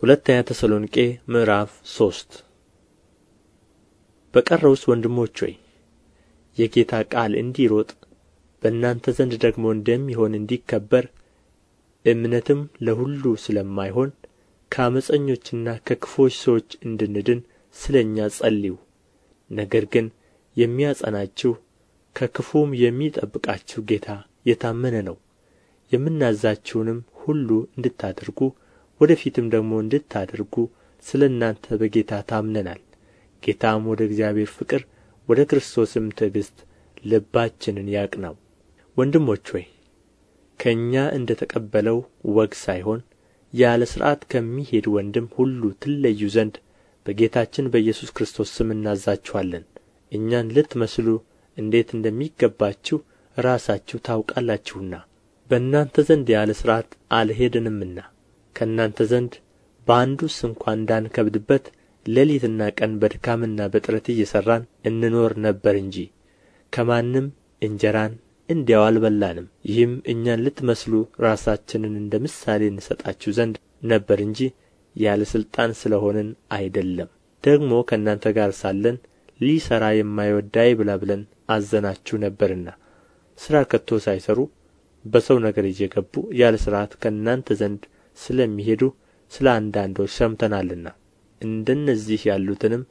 ሁለተኛ ተሰሎንቄ ምዕራፍ ሶስት በቀረውስ ወንድሞች ሆይ የጌታ ቃል እንዲሮጥ በእናንተ ዘንድ ደግሞ እንደሚሆን እንዲከበር እምነትም ለሁሉ ስለማይሆን ከዓመፀኞችና ከክፎች ሰዎች እንድንድን ስለ እኛ ጸልዩ። ነገር ግን የሚያጸናችሁ ከክፉም የሚጠብቃችሁ ጌታ የታመነ ነው። የምናዛችሁንም ሁሉ እንድታደርጉ ወደ ፊትም ደግሞ እንድታደርጉ ስለ እናንተ በጌታ ታምነናል ጌታም ወደ እግዚአብሔር ፍቅር ወደ ክርስቶስም ትዕግሥት ልባችንን ያቅናው ወንድሞች ሆይ ከእኛ እንደ ተቀበለው ወግ ሳይሆን ያለ ሥርዓት ከሚሄድ ወንድም ሁሉ ትለዩ ዘንድ በጌታችን በኢየሱስ ክርስቶስ ስም እናዛችኋለን። እኛን ልትመስሉ እንዴት እንደሚገባችሁ ራሳችሁ ታውቃላችሁና በእናንተ ዘንድ ያለ ሥርዓት አልሄድንምና ከእናንተ ዘንድ በአንዱ ስንኳ እንዳንከብድበት ሌሊትና ቀን በድካምና በጥረት እየሠራን እንኖር ነበር እንጂ ከማንም እንጀራን እንዲያው አልበላንም ይህም እኛን ልትመስሉ ራሳችንን እንደ ምሳሌ እንሰጣችሁ ዘንድ ነበር እንጂ ያለ ሥልጣን ስለ ሆንን አይደለም ደግሞ ከእናንተ ጋር ሳለን ሊሠራ የማይወድ አይብላ ብለን አዘናችሁ ነበርና ሥራ ከቶ ሳይሠሩ በሰው ነገር እየገቡ ያለ ሥርዓት ከእናንተ ዘንድ ስለሚሄዱ ስለ አንዳንዶች ሰምተናልና እንደነዚህ ያሉትንም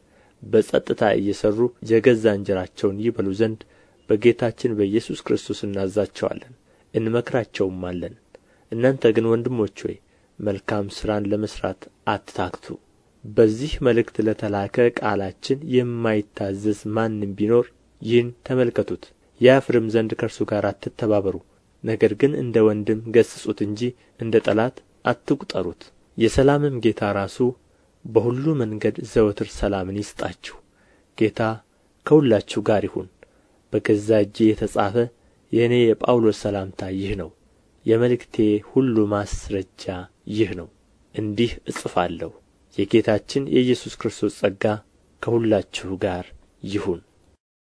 በጸጥታ እየሰሩ የገዛ እንጀራቸውን ይበሉ ዘንድ በጌታችን በኢየሱስ ክርስቶስ እናዛቸዋለን እንመክራቸውማለን እናንተ ግን ወንድሞች ሆይ መልካም ሥራን ለመሥራት አትታክቱ። በዚህ መልእክት ለተላከ ቃላችን የማይታዘዝ ማንም ቢኖር ይህን ተመልከቱት፣ ያፍርም ዘንድ ከእርሱ ጋር አትተባበሩ። ነገር ግን እንደ ወንድም ገሥጹት እንጂ እንደ ጠላት አትቁጠሩት የሰላምም ጌታ ራሱ በሁሉ መንገድ ዘወትር ሰላምን ይስጣችሁ ጌታ ከሁላችሁ ጋር ይሁን በገዛ እጄ የተጻፈ የእኔ የጳውሎስ ሰላምታ ይህ ነው የመልእክቴ ሁሉ ማስረጃ ይህ ነው እንዲህ እጽፋለሁ የጌታችን የኢየሱስ ክርስቶስ ጸጋ ከሁላችሁ ጋር ይሁን